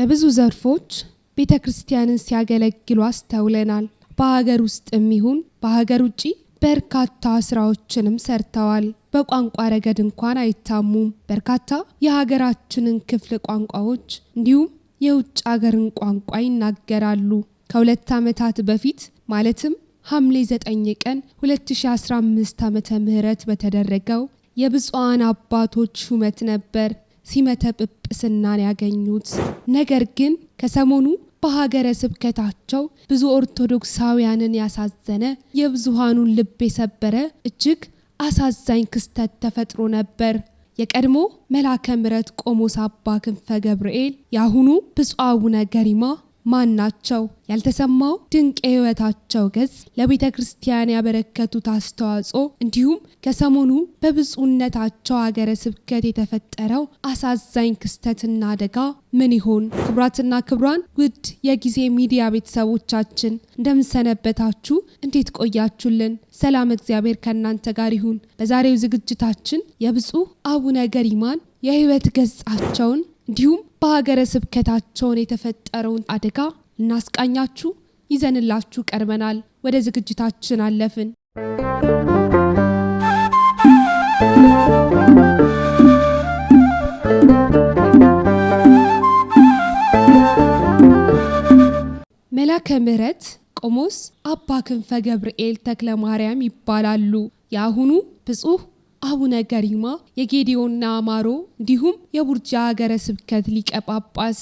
በብዙ ዘርፎች ቤተ ክርስቲያንን ሲያገለግሉ አስተውለናል። በሀገር ውስጥም ይሁን በሀገር ውጪ በርካታ ስራዎችንም ሰርተዋል። በቋንቋ ረገድ እንኳን አይታሙም። በርካታ የሀገራችንን ክፍል ቋንቋዎች እንዲሁም የውጭ ሀገርን ቋንቋ ይናገራሉ። ከሁለት ዓመታት በፊት ማለትም ሐምሌ 9 ቀን 2015 ዓ ም በተደረገው የብፁዓን አባቶች ሹመት ነበር ሲመተ ጵጵስናን ያገኙት። ነገር ግን ከሰሞኑ በሀገረ ስብከታቸው ብዙ ኦርቶዶክሳውያንን ያሳዘነ የብዙሃኑን ልብ የሰበረ እጅግ አሳዛኝ ክስተት ተፈጥሮ ነበር። የቀድሞ መልአከ ቆሞ ቆሞስ አባ ክንፈ ገብርኤል የአሁኑ ብፁዕ አቡነ ገሪማ ማን ናቸው? ያልተሰማው ድንቅ የህይወታቸው ገጽ፣ ለቤተ ክርስቲያን ያበረከቱት አስተዋጽኦ እንዲሁም ከሰሞኑ በብፁዕነታቸው ሀገረ ስብከት የተፈጠረው አሳዛኝ ክስተትና አደጋ ምን ይሆን? ክቡራትና ክቡራን ውድ የጊዜ ሚዲያ ቤተሰቦቻችን እንደምንሰነበታችሁ፣ እንዴት ቆያችሁልን? ሰላም እግዚአብሔር ከእናንተ ጋር ይሁን። በዛሬው ዝግጅታችን የብፁዕ አቡነ ገሪማን የህይወት ገጻቸውን እንዲሁም በሀገረ ስብከታቸውን የተፈጠረውን አደጋ እናስቃኛችሁ ይዘንላችሁ ቀርበናል። ወደ ዝግጅታችን አለፍን። መላከ ምሕረት ቆሞስ አባ ክንፈ ገብርኤል ተክለ ማርያም ይባላሉ። የአሁኑ ብፁህ። አቡነ ገሪማ የጌዲዮና ማሮ እንዲሁም የቡርጃ ሀገረ ስብከት ሊቀ ጳጳስ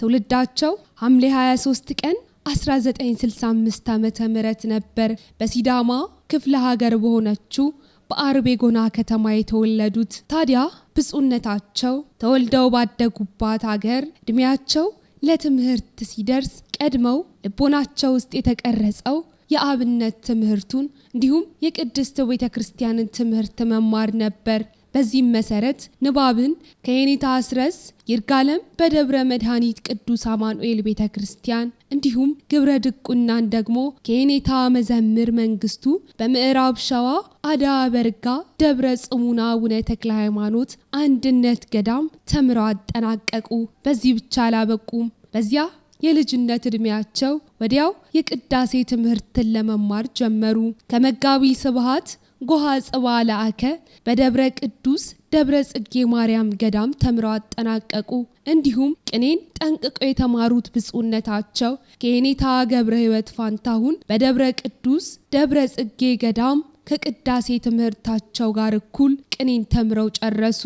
ትውልዳቸው ሐምሌ 23 ቀን 1965 ዓ ም ነበር በሲዳማ ክፍለ ሀገር በሆነችው በአርቤ ጎና ከተማ የተወለዱት። ታዲያ ብፁዕነታቸው ተወልደው ባደጉባት ሀገር እድሜያቸው ለትምህርት ሲደርስ ቀድመው ልቦናቸው ውስጥ የተቀረጸው የአብነት ትምህርቱን እንዲሁም የቅድስት ቤተ ክርስቲያንን ትምህርት መማር ነበር። በዚህም መሰረት ንባብን ከየኔታ አስረስ ይርጋለም በደብረ መድኃኒት ቅዱስ አማኑኤል ቤተ ክርስቲያን እንዲሁም ግብረ ድቁናን ደግሞ ከየኔታ መዘምር መንግስቱ በምዕራብ ሸዋ አዳ በርጋ ደብረ ጽሙና አቡነ ተክለ ሃይማኖት አንድነት ገዳም ተምረው አጠናቀቁ። በዚህ ብቻ አላበቁም። በዚያ የልጅነት እድሜያቸው ወዲያው የቅዳሴ ትምህርትን ለመማር ጀመሩ። ከመጋቢ ስብሐት ጎሃ ጽባ ለአከ በደብረ ቅዱስ ደብረ ጽጌ ማርያም ገዳም ተምረው አጠናቀቁ። እንዲሁም ቅኔን ጠንቅቀው የተማሩት ብፁዕነታቸው ከኔታ ገብረ ሕይወት ፋንታሁን በደብረ ቅዱስ ደብረ ጽጌ ገዳም ከቅዳሴ ትምህርታቸው ጋር እኩል ቅኔን ተምረው ጨረሱ።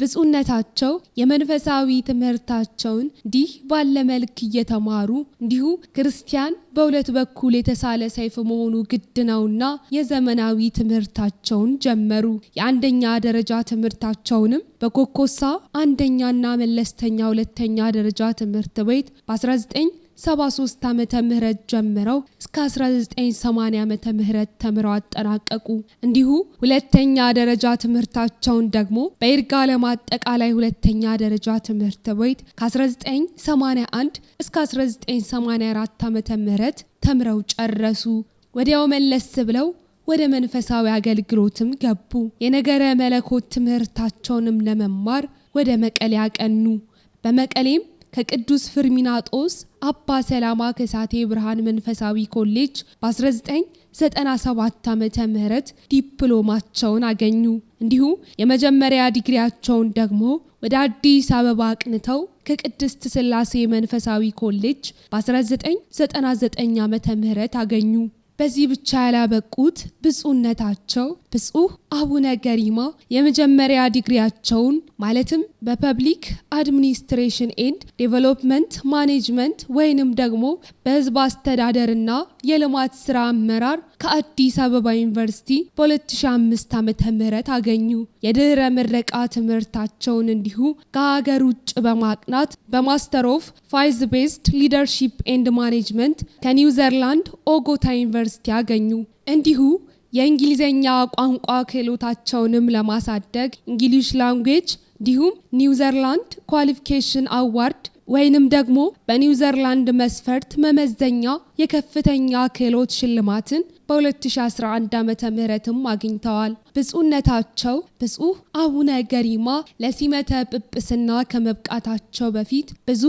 ብፁዕነታቸው የመንፈሳዊ ትምህርታቸውን እንዲህ ባለ መልክ እየተማሩ እንዲሁ ክርስቲያን በሁለት በኩል የተሳለ ሰይፍ መሆኑ ግድ ነውና የዘመናዊ ትምህርታቸውን ጀመሩ። የአንደኛ ደረጃ ትምህርታቸውንም በኮኮሳ አንደኛና መለስተኛ ሁለተኛ ደረጃ ትምህርት ቤት በ19 73 ዓመተ ምህረት ጀምረው እስከ 1980 ዓመተ ምህረት ተምረው አጠናቀቁ። እንዲሁ ሁለተኛ ደረጃ ትምህርታቸውን ደግሞ በይርጋለም አጠቃላይ ሁለተኛ ደረጃ ትምህርት ቤት ከ1981 እስከ 1984 ዓመተ ምህረት ተምረው ጨረሱ። ወዲያው መለስ ብለው ወደ መንፈሳዊ አገልግሎትም ገቡ። የነገረ መለኮት ትምህርታቸውንም ለመማር ወደ መቀሌ አቀኑ። በመቀሌም ከቅዱስ ፍርሚናጦስ አባ ሰላማ ከሳቴ ብርሃን መንፈሳዊ ኮሌጅ በ1997 ዓመተ ምህረት ዲፕሎማቸውን አገኙ። እንዲሁም የመጀመሪያ ዲግሪያቸውን ደግሞ ወደ አዲስ አበባ አቅንተው ከቅድስት ስላሴ መንፈሳዊ ኮሌጅ በ1999 ዓመተ ምህረት አገኙ። በዚህ ብቻ ያላበቁት ብፁዕነታቸው ብፁዕ አቡነ ገሪማ የመጀመሪያ ዲግሪያቸውን ማለትም በፐብሊክ አድሚኒስትሬሽን ኤንድ ዴቨሎፕመንት ማኔጅመንት ወይንም ደግሞ በህዝብ አስተዳደርና የልማት ስራ አመራር ከአዲስ አበባ ዩኒቨርሲቲ በ2005 ዓ ም አገኙ። የድህረ ምረቃ ትምህርታቸውን እንዲሁ ከሀገር ውጭ በማቅናት በማስተር ኦፍ ፋይዝ ቤዝድ ሊደርሺፕ ኤንድ ማኔጅመንት ከኒውዘርላንድ ኦጎታ ዩኒቨርሲቲ አገኙ። እንዲሁ የእንግሊዝኛ ቋንቋ ክህሎታቸውንም ለማሳደግ እንግሊሽ ላንጉጅ እንዲሁም ኒውዘርላንድ ኳሊፊኬሽን አዋርድ ወይንም ደግሞ በኒውዘርላንድ መስፈርት መመዘኛ የከፍተኛ ክህሎት ሽልማትን በ2011 ዓ ምህረትም አግኝተዋል። ብፁነታቸው ብፁህ አቡነ ገሪማ ለሲመተ ጵጵስና ከመብቃታቸው በፊት ብዙ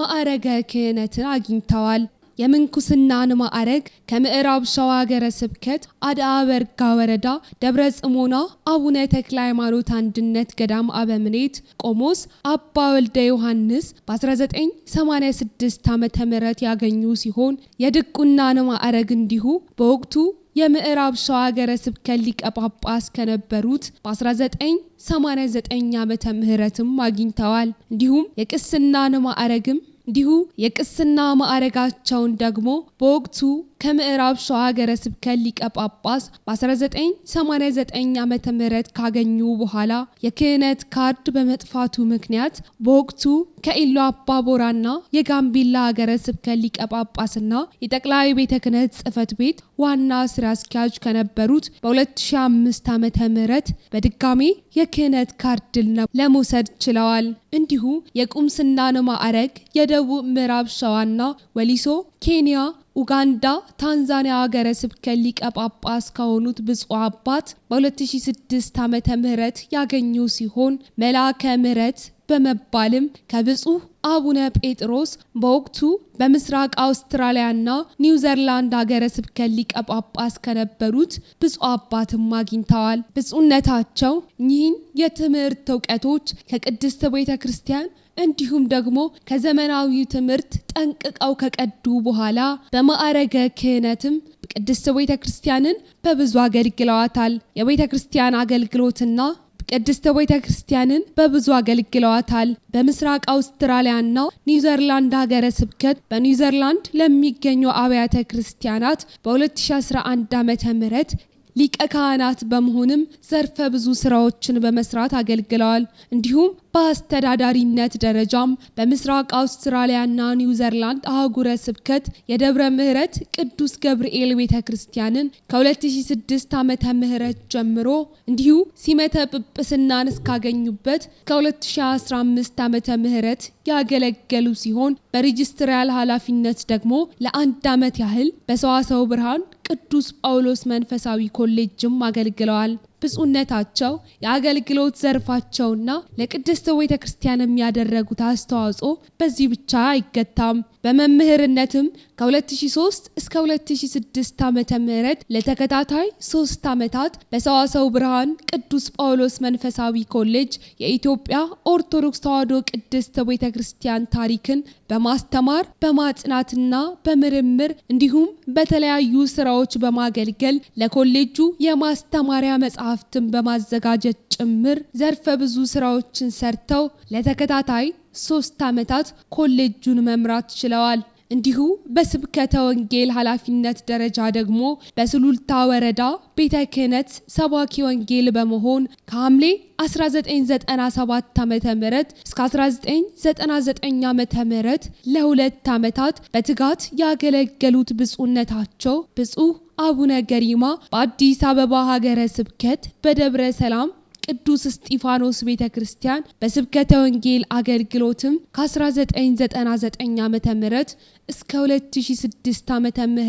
ማዕረገ ክህነትን አግኝተዋል። የምንኩስናን ማዕረግ ከምዕራብ ሸዋ ሀገረ ስብከት አድአ በርጋ ወረዳ ደብረ ጽሞና አቡነ ተክለ ሃይማኖት አንድነት ገዳም አበምኔት ቆሞስ አባ ወልደ ዮሐንስ በ1986 ዓ ም ያገኙ ሲሆን የድቁናን ማዕረግ እንዲሁ በወቅቱ የምዕራብ ሸዋ ሀገረ ስብከት ሊቀ ጳጳስ ከነበሩት በ1989 ዓ ምህረትም አግኝተዋል። እንዲሁም የቅስናን ማዕረግም እንዲሁ የቅስና ማዕረጋቸውን ደግሞ በወቅቱ ከምዕራብ ሸዋ ሀገረ ስብከት ሊቀ ጳጳስ በ1989 ዓ ም ካገኙ በኋላ የክህነት ካርድ በመጥፋቱ ምክንያት በወቅቱ ከኢሎ አባቦራና የጋምቢላ ሀገረ ስብከት ሊቀ ጳጳስና የጠቅላይ ቤተ ክህነት ቤት ዋና ስራ አስኪያጅ ከነበሩት በ2005 ዓ ም በድጋሚ የክህነት ካርድል ለመውሰድ ችለዋል። እንዲሁ የቁምስናን ማዕረግ የደቡብ ምዕራብ ሸዋና ወሊሶ፣ ኬንያ ኡጋንዳ፣ ታንዛኒያ ሀገረ ስብከት ሊቀ ጳጳስ ከሆኑት ብፁዕ አባት በ2006 ዓ ም ያገኙ ሲሆን መልአከ ምሕረት በመባልም ከብፁዕ አቡነ ጴጥሮስ በወቅቱ በምስራቅ አውስትራሊያና ኒውዘርላንድ ሀገረ ስብከት ሊቀ ጳጳስ ከነበሩት ብፁዕ አባትም አግኝተዋል። ብፁዕነታቸው ይህን የትምህርት እውቀቶች ከቅድስት ቤተ ክርስቲያን እንዲሁም ደግሞ ከዘመናዊ ትምህርት ጠንቅቀው ከቀዱ በኋላ በማዕረገ ክህነትም ቅድስት ቤተ ክርስቲያንን በብዙ አገልግለዋታል። የቤተ ክርስቲያን አገልግሎትና ቅድስተ ቤተ ክርስቲያንን በብዙ አገልግለዋታል። በምስራቅ አውስትራሊያና ኒውዘርላንድ ሀገረ ስብከት በኒውዘርላንድ ለሚገኙ አብያተ ክርስቲያናት በ2011 ዓ ም ሊቀ ካህናት በመሆንም ዘርፈ ብዙ ስራዎችን በመስራት አገልግለዋል። እንዲሁም በአስተዳዳሪነት ደረጃም በምስራቅ አውስትራሊያና ኒውዘርላንድ አህጉረ ስብከት የደብረ ምሕረት ቅዱስ ገብርኤል ቤተ ክርስቲያንን ከ2006 ዓመተ ምህረት ጀምሮ እንዲሁ ሲመተ ጵጵስናን እስካገኙበት ከ2015 ዓመተ ምህረት ያገለገሉ ሲሆን በሬጅስትራል ኃላፊነት ደግሞ ለአንድ ዓመት ያህል በሰዋሰው ብርሃን ቅዱስ ጳውሎስ መንፈሳዊ ኮሌጅም አገልግለዋል። ብፁዕነታቸው የአገልግሎት ዘርፋቸውና ለቅድስት ቤተ ክርስቲያን የሚያደረጉት አስተዋጽኦ በዚህ ብቻ አይገታም። በመምህርነትም ከ2003 እስከ 2006 ዓ ም ለተከታታይ ሶስት ዓመታት በሰዋሰው ብርሃን ቅዱስ ጳውሎስ መንፈሳዊ ኮሌጅ የኢትዮጵያ ኦርቶዶክስ ተዋሕዶ ቅድስት ቤተ ክርስቲያን ታሪክን በማስተማር በማጽናትና በምርምር እንዲሁም በተለያዩ ስራዎች በማገልገል ለኮሌጁ የማስተማሪያ መጽሐፍ መጽሐፍትን በማዘጋጀት ጭምር ዘርፈ ብዙ ስራዎችን ሰርተው ለተከታታይ ሶስት ዓመታት ኮሌጁን መምራት ችለዋል። እንዲሁ በስብከተ ወንጌል ኃላፊነት ደረጃ ደግሞ በሱሉልታ ወረዳ ቤተ ክህነት ሰባኪ ወንጌል በመሆን ከሐምሌ 1997 ዓ ም እስከ 1999 ዓ ም ለሁለት ዓመታት በትጋት ያገለገሉት ብፁዕነታቸው ብፁዕ አቡነ ገሪማ በአዲስ አበባ ሀገረ ስብከት በደብረ ሰላም ቅዱስ እስጢፋኖስ ቤተ ክርስቲያን በስብከተ ወንጌል አገልግሎትም ከ1999 ዓ ም እስከ 2006 ዓ ም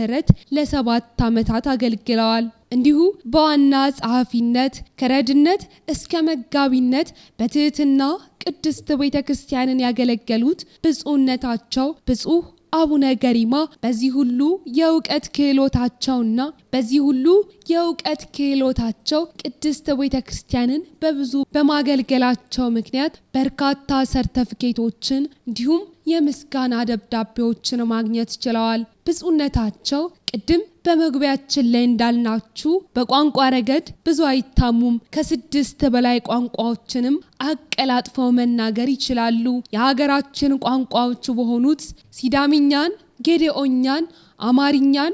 ለሰባት ዓመታት አገልግለዋል። እንዲሁ በዋና ጸሐፊነት ከረድነት እስከ መጋቢነት በትህትና ቅድስት ቤተ ክርስቲያንን ያገለገሉት ብፁዕነታቸው ብፁዕ አቡነ ገሪማ በዚህ ሁሉ የእውቀት ክህሎታቸውና በዚህ ሁሉ የእውቀት ክህሎታቸው ቅድስት ቤተ ክርስቲያንን በብዙ በማገልገላቸው ምክንያት በርካታ ሰርተፍኬቶችን እንዲሁም የምስጋና ደብዳቤዎችን ማግኘት ችለዋል። ብፁዕነታቸው ቅድም በመግቢያችን ላይ እንዳልናችሁ በቋንቋ ረገድ ብዙ አይታሙም። ከስድስት በላይ ቋንቋዎችንም አቀላጥፈው መናገር ይችላሉ። የሀገራችን ቋንቋዎች በሆኑት ሲዳሚኛን፣ ጌዴኦኛን፣ አማርኛን፣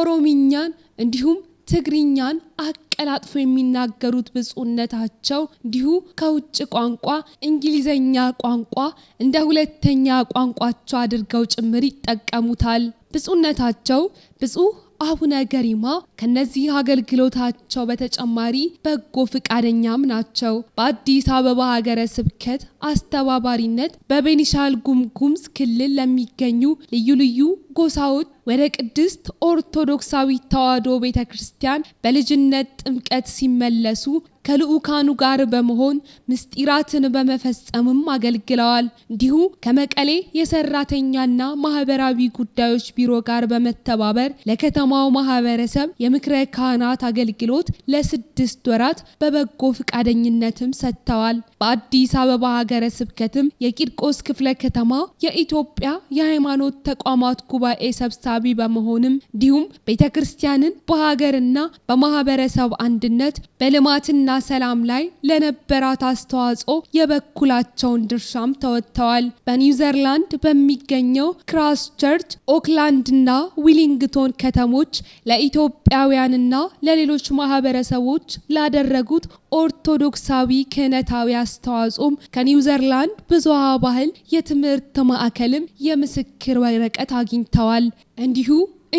ኦሮሚኛን እንዲሁም ትግርኛን አቀላጥፎ የሚናገሩት ብፁዕነታቸው እንዲሁ ከውጭ ቋንቋ እንግሊዘኛ ቋንቋ እንደ ሁለተኛ ቋንቋቸው አድርገው ጭምር ይጠቀሙታል። ብፁዕነታቸው ብፁዕ አቡነ ገሪማ ከነዚህ አገልግሎታቸው በተጨማሪ በጎ ፈቃደኛም ናቸው። በአዲስ አበባ ሀገረ ስብከት አስተባባሪነት በቤኒሻል ጉምጉምዝ ክልል ለሚገኙ ልዩ ልዩ ጎሳዎች ወደ ቅድስት ኦርቶዶክሳዊ ተዋሕዶ ቤተ ክርስቲያን በልጅነት ጥምቀት ሲመለሱ ከልዑካኑ ጋር በመሆን ምስጢራትን በመፈጸምም አገልግለዋል። እንዲሁ ከመቀሌ የሰራተኛና ማህበራዊ ጉዳዮች ቢሮ ጋር በመተባበር ለከተማው ማህበረሰብ የምክረ ካህናት አገልግሎት ለስድስት ወራት በበጎ ፈቃደኝነትም ሰጥተዋል። በአዲስ አበባ ሀገረ ስብከትም የቂርቆስ ክፍለ ከተማ የኢትዮጵያ የሃይማኖት ተቋማት ጉባኤ ሰብሳቢ በመሆንም እንዲሁም ቤተ ክርስቲያንን በሀገርና በማህበረሰብ አንድነት በልማትና ሰላም ላይ ለነበራት አስተዋጽኦ የበኩላቸውን ድርሻም ተወጥተዋል። በኒውዘርላንድ በሚገኘው ክራስ ቸርች፣ ኦክላንድና ዊሊንግቶን ከተሞች ለኢትዮጵያውያንና ለሌሎች ማህበረሰቦች ላደረጉት ኦርቶዶክሳዊ ክህነታዊ አስተዋጽኦም ከኒው ኒውዘርላንድ ብዙሃ ባህል የትምህርት ማዕከልም የምስክር ወረቀት አግኝተዋል። እንዲሁ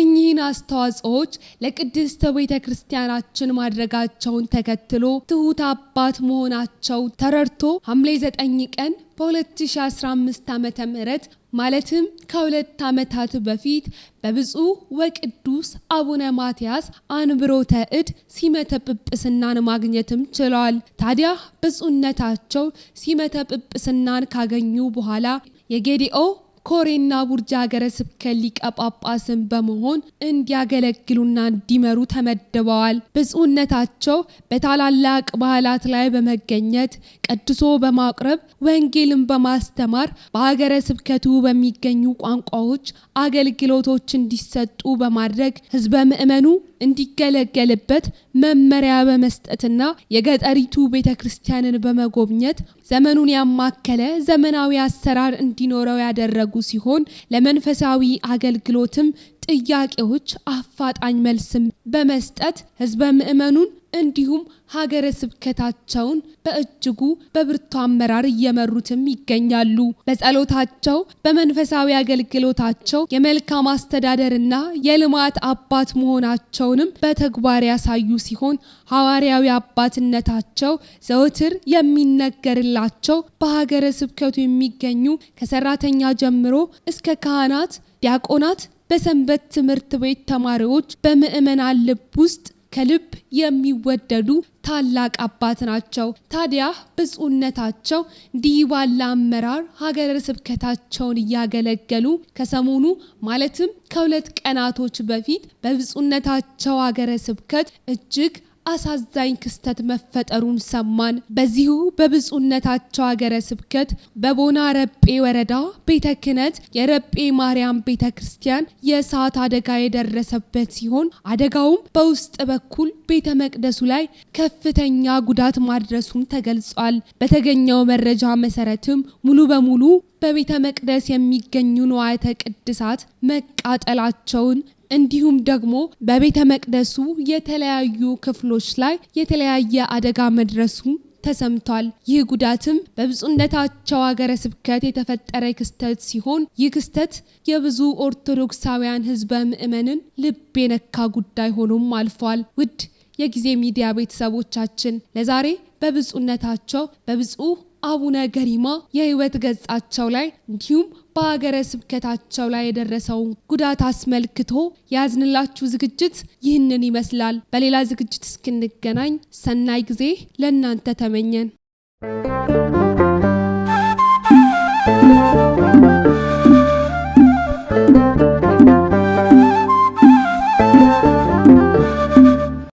እኚህን አስተዋጽኦዎች ለቅድስተ ቤተ ክርስቲያናችን ማድረጋቸውን ተከትሎ ትሁት አባት መሆናቸው ተረድቶ ሐምሌ 9 ቀን በ2015 ዓ ም ማለትም ከሁለት ዓመታት በፊት በብፁዕ ወቅዱስ አቡነ ማትያስ አንብሮተ እድ ሲመተ ጵጵስናን ማግኘትም ችለዋል። ታዲያ ብፁዕነታቸው ሲመተ ጵጵስናን ካገኙ በኋላ የጌዲኦ ኮሬና ቡርጅ ሀገረ ስብከት ሊቀ ጳጳስን በመሆን እንዲያገለግሉና እንዲመሩ ተመድበዋል። ብፁዕነታቸው በታላላቅ በዓላት ላይ በመገኘት ቀድሶ በማቅረብ ወንጌልን በማስተማር በሀገረ ስብከቱ በሚገኙ ቋንቋዎች አገልግሎቶች እንዲሰጡ በማድረግ ህዝበ ምዕመኑ እንዲገለገልበት መመሪያ በመስጠትና የገጠሪቱ ቤተ ክርስቲያንን በመጎብኘት ዘመኑን ያማከለ ዘመናዊ አሰራር እንዲኖረው ያደረጉ ሲሆን ለመንፈሳዊ አገልግሎትም ጥያቄዎች አፋጣኝ መልስም በመስጠት ህዝበ ምእመኑን እንዲሁም ሀገረ ስብከታቸውን በእጅጉ በብርቱ አመራር እየመሩትም ይገኛሉ። በጸሎታቸው፣ በመንፈሳዊ አገልግሎታቸው የመልካም አስተዳደርና የልማት አባት መሆናቸውንም በተግባር ያሳዩ ሲሆን ሐዋርያዊ አባትነታቸው ዘወትር የሚነገርላቸው በሀገረ ስብከቱ የሚገኙ ከሰራተኛ ጀምሮ እስከ ካህናት፣ ዲያቆናት በሰንበት ትምህርት ቤት ተማሪዎች በምእመናን ልብ ውስጥ ከልብ የሚወደዱ ታላቅ አባት ናቸው። ታዲያ ብፁዕነታቸው እንዲህ ባለ አመራር ሀገረ ስብከታቸውን እያገለገሉ ከሰሞኑ ማለትም ከሁለት ቀናቶች በፊት በብፁዕነታቸው ሀገረ ስብከት እጅግ አሳዛኝ ክስተት መፈጠሩን ሰማን። በዚሁ በብፁዕነታቸው ሀገረ ስብከት በቦና ረጴ ወረዳ ቤተ ክህነት የረጴ ማርያም ቤተ ክርስቲያን የእሳት አደጋ የደረሰበት ሲሆን አደጋውም በውስጥ በኩል ቤተ መቅደሱ ላይ ከፍተኛ ጉዳት ማድረሱን ተገልጿል። በተገኘው መረጃ መሰረትም ሙሉ በሙሉ በቤተ መቅደስ የሚገኙ ንዋያተ ቅድሳት መቃጠላቸውን እንዲሁም ደግሞ በቤተ መቅደሱ የተለያዩ ክፍሎች ላይ የተለያየ አደጋ መድረሱ ተሰምቷል። ይህ ጉዳትም በብፁዕነታቸው ሀገረ ስብከት የተፈጠረ ክስተት ሲሆን ይህ ክስተት የብዙ ኦርቶዶክሳውያን ሕዝበ ምዕመንን ልብ የነካ ጉዳይ ሆኖም አልፏል። ውድ የጊዜ ሚዲያ ቤተሰቦቻችን ለዛሬ በብፁዕነታቸው በብፁዕ አቡነ ገሪማ የህይወት ገጻቸው ላይ እንዲሁም በሀገረ ስብከታቸው ላይ የደረሰውን ጉዳት አስመልክቶ ያዝንላችሁ ዝግጅት ይህንን ይመስላል። በሌላ ዝግጅት እስክንገናኝ ሰናይ ጊዜ ለእናንተ ተመኘን።